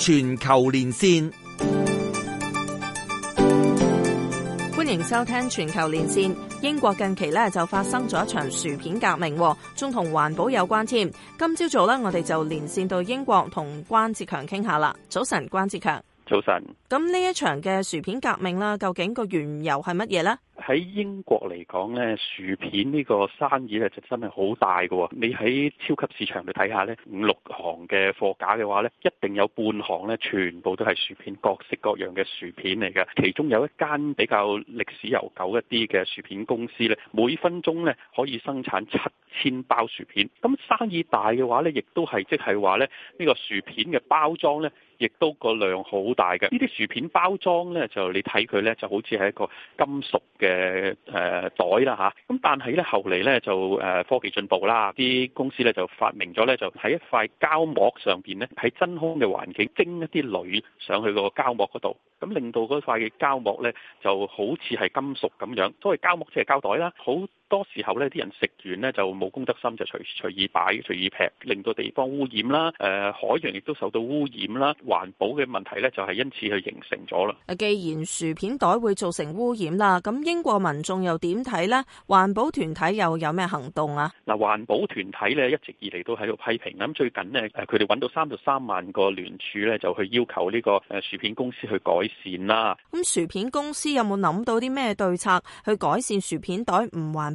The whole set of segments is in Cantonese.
全球連線，歡迎收聽全球連線。英國近期咧就發生咗一場薯片革命，仲同環保有關添。今朝早咧，我哋就連線到英國同關志強傾下啦。早晨，關志強。早晨。咁呢一場嘅薯片革命啦，究竟個緣由係乜嘢呢？喺英國嚟講咧，薯片呢個生意咧就真係好大嘅。你喺超級市場度睇下咧，五六行嘅貨架嘅話咧，一定有半行咧，全部都係薯片，各式各樣嘅薯片嚟嘅。其中有一間比較歷史悠久一啲嘅薯片公司咧，每分鐘咧可以生產七千包薯片。咁生意大嘅話咧，亦都係即係話咧，呢個薯片嘅包裝咧，亦都個量好大嘅。呢啲薯片包裝咧，就你睇佢咧，就好似係一個金屬嘅。誒誒袋啦吓，咁但係咧，後嚟咧就誒科技進步啦，啲公司咧就發明咗咧，就喺一塊膠膜上邊咧，喺真空嘅環境蒸一啲鋁上去個膠膜嗰度，咁令到嗰塊嘅膠膜咧就好似係金屬咁樣，都係膠膜，即係膠袋啦，好。多時候呢啲人食完呢就冇公德心就隨，就隨隨意擺、隨意劈，令到地方污染啦。誒，海洋亦都受到污染啦。環保嘅問題呢就係因此去形成咗啦。既然薯片袋會造成污染啦，咁英國民眾又點睇呢？環保團體又有咩行動啊？嗱，環保團體呢一直以嚟都喺度批評啦。咁最近呢，誒佢哋揾到三十三萬個聯署呢，就去要求呢個誒薯片公司去改善啦。咁薯片公司有冇諗到啲咩對策去改善薯片袋唔環？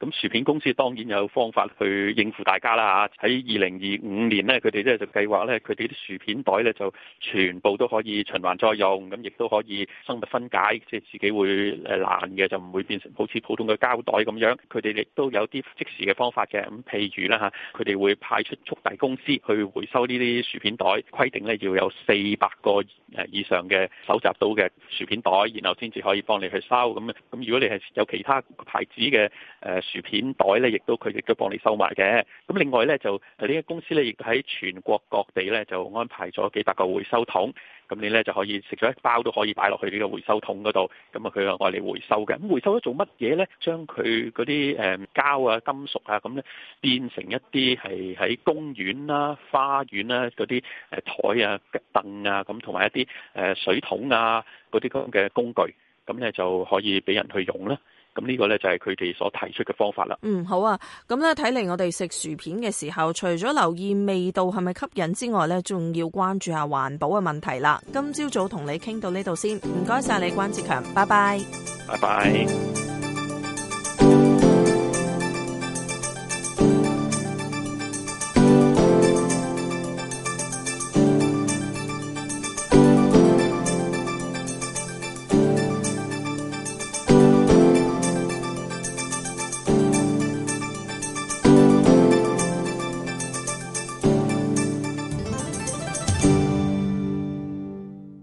咁薯片公司當然有方法去應付大家啦吓，喺二零二五年咧，佢哋咧就計劃咧，佢哋啲薯片袋咧就全部都可以循環再用，咁亦都可以生物分解，即係自己會誒爛嘅，就唔會變成好似普通嘅膠袋咁樣。佢哋亦都有啲即時嘅方法嘅，咁譬如啦吓，佢哋會派出速遞公司去回收呢啲薯片袋，規定咧要有四百個誒以上嘅收集到嘅薯片袋，然後先至可以幫你去收。咁咁如果你係有其他牌子嘅誒，薯片袋咧，亦都佢亦都幫你收埋嘅。咁另外咧，就呢間公司咧，亦喺全國各地咧就安排咗幾百個回收桶。咁你咧就可以食咗一包都可以擺落去呢個回收桶嗰度。咁啊，佢又愛嚟回收嘅。咁回收咗做乜嘢咧？將佢嗰啲誒膠啊、金屬啊咁咧，變成一啲係喺公園啦、花園啦嗰啲誒台啊、凳啊咁，同埋一啲誒水桶啊嗰啲咁嘅工具，咁咧就可以俾人去用啦。咁呢個呢，就係佢哋所提出嘅方法啦。嗯，好啊。咁呢，睇嚟，我哋食薯片嘅時候，除咗留意味道係咪吸引之外呢，仲要關注下環保嘅問題啦。今朝早同你傾到呢度先，唔該晒你，關志強，拜拜。拜拜。